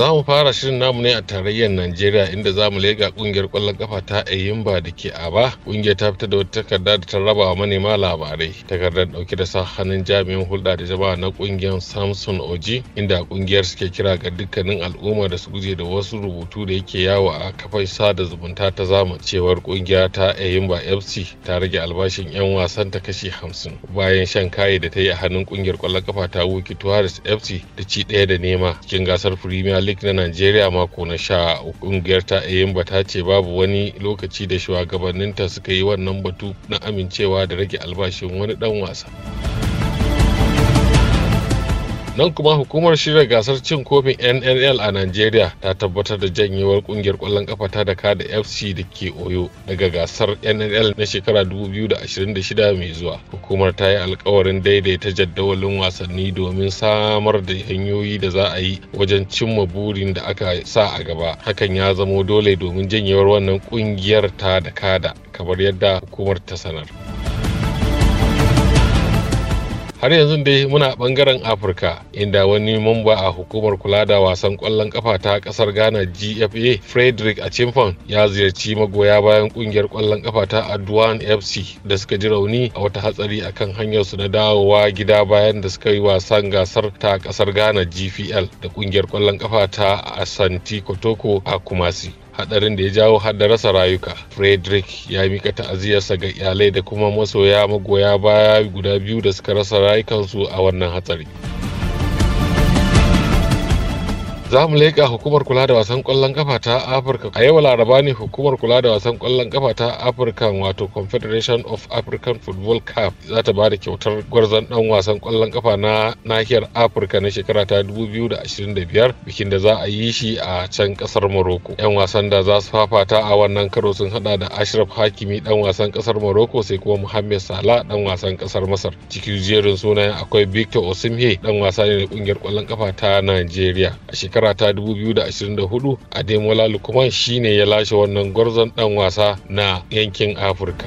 Za mu fara shirin namu ne a tarayyar Najeriya inda za mu lega kungiyar kwallon kafa ta Eyimba da ke a ba Kungiyar ta fita da wata takarda da ta raba wa manema labarai. Takardar dauke da sa hannun jami'in hulɗa da jama'a na kungiyar Samson Oji inda kungiyar suke kira ga dukkanin al'umma da su guje da wasu rubutu da yake yawo a kafar da zumunta ta zamu cewar kungiya ta Eyimba FC ta rage albashin 'yan wasan ta kashi Hamsin. bayan shan kayi da ta yi a hannun kungiyar kwallon kafa ta Wuki Tuwaris FC da ci ɗaya da nema cikin gasar Premier league na nigeria mako na sha kungiyar ta ayimba ta ce babu wani lokaci da shugabanninta suka yi wannan batu na amincewa da rage albashin wani dan wasa. nan kuma hukumar shirya gasar cin kofin nnl a nigeria ta tabbatar da janyewar kungiyar kwallon kafa ta daka da fc da ke oyo daga gasar nnl na shekara 2026 mai zuwa hukumar ta yi alkawarin daidaita jadawalin wasanni domin samar da hanyoyi da za a yi wajen cimma burin da aka sa a gaba hakan ya zamo dole domin janyewar wannan kungiyar ta da kada kamar yadda hukumar ta sanar har yanzu dai muna bangaren afirka inda wani mamba a hukumar kula da wasan kwallon kafa ta kasar ghana gfa frederick Achimfan ya ziyarci magoya bayan kungiyar kwallon kafa ta adwan fc da suka ji rauni a wata hatsari a kan hanyarsu na dawowa gida bayan da suka yi wasan gasar ta kasar ghana gpl da kungiyar kwallon kafa ta asanti kotoko a kumasi hadarin da ya jawo har da rasa rayuka frederick ya mika ta'aziyarsa ga iyalai da kuma masoya magoya baya guda biyu da suka rasa rayukansu a wannan hatsari za mu leƙa hukumar kula da wasan ƙwallon kafa ta afirka a yau laraba ne hukumar kula da wasan ƙwallon kafa ta afirka wato confederation of african football cup za ta ba da kyautar gwarzon ɗan wasan ƙwallon kafa na nahiyar afirka na shekara ta 2025 bikin da za a yi shi a can ƙasar morocco yan wasan da za su fafata a wannan karo sun hada da ashraf hakimi ɗan wasan ƙasar morocco sai kuma muhammed sala dan wasan ƙasar masar cikin jerin sunayen akwai victor osimhe dan wasa ne da ƙungiyar ƙwallon kafa ta nigeria a shekara shekara ta 2024 ademola lukman shine ya lashe wannan gwarzon dan wasa na yankin afirka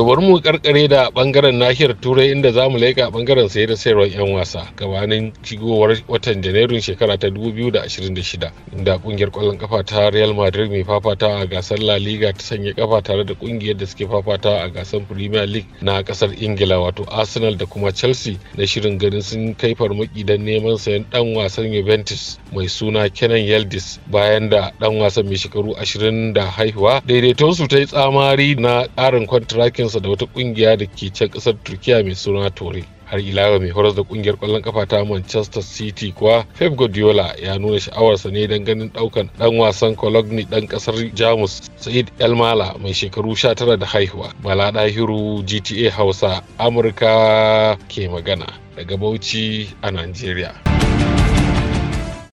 To bari mu karkare da bangaren nahiyar Turai inda zamu leka bangaren saye da sayarwar 'yan wasa gabanin shigowar watan Janairun shekara ta 2026 inda kungiyar kwallon kafa ta Real Madrid mai fafata a gasar La Liga ta sanya kafa tare da kungiyar da suke fafata a gasar Premier League na kasar Ingila wato Arsenal da kuma Chelsea na shirin ganin sun kai farmaki don neman sayan dan wasan Juventus mai suna Kenan yeldis bayan da dan wasan mai shekaru 20 da haihuwa su ta yi tsamari na karin kwantarakin tsakaninsa da wata kungiya da ke can kasar turkiya mai suna tore har ila mai horas da kungiyar kwallon kafa ta manchester city kuwa pep guardiola ya nuna sha'awarsa ne don ganin daukan dan wasan cologne dan kasar jamus said elmala mai shekaru 19 da haihuwa bala dahiru gta hausa amurka ke magana daga bauchi a nigeria